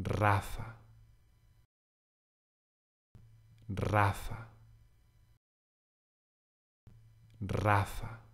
Rafa, Rafa, Rafa.